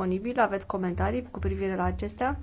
disponibil. Aveți comentarii cu privire la acestea?